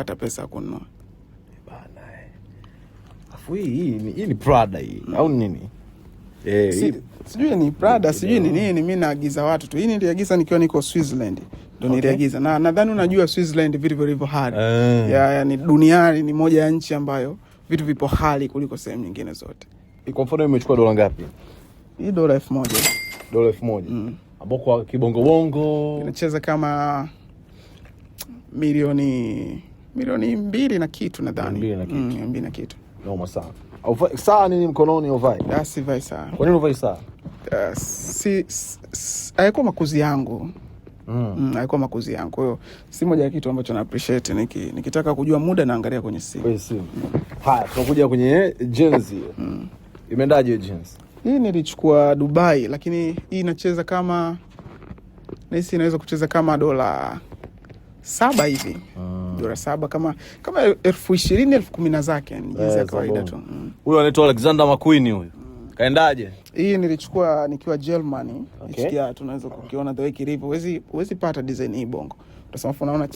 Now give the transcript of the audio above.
kupata pesa ya kununua eh. afu hii hii hii ni Prada hii mm. au nini? Eh, si, sijui ni Prada sijui ni nini, mimi naagiza watu tu. Hii niliagiza nikiwa niko Switzerland. Ndio okay. Niliagiza na nadhani unajua Switzerland vitu vilivyo hali. Uh. Ya, ya, ni duniani ni moja ya nchi ambayo vitu vipo hali kuliko sehemu nyingine zote. Kwa mfano imechukua dola ngapi? Hii dola elfu moja. Dola elfu moja. Mm. Ambako kibongo bongo inacheza kama milioni milioni mbili na kitu nadhani, mbili na kitu, mm, mbili na kitu. Noma sana. Saa nini mkononi uvai? Ah, sivai saa. Kwa nini uvai saa? Uh, si, si, haikuwa makuzi yangu mm. Mm, haikuwa makuzi yangu, kwa hiyo si moja ya kitu ambacho na appreciate niki, nikitaka kujua muda naangalia kwenye simu Kwenye simu. Mm. Haya, tunakuja kwenye jezi mm. Imeendaje jezi hii? Nilichukua Dubai, lakini hii inacheza kama nahisi inaweza kucheza kama dola saba hivi mm dola saba kama kama elfu ishirini elfu kumi na zake yani jinsi ya eh, kawaida tu. Mm. Huyo anaitwa Alexander McQueen huyu Kaendaje? Hii nilichukua nikiwa Germany. Okay. Tunaweza kukiona the way kilivyo. Huwezi pata design hii Bongo. Utasema unaona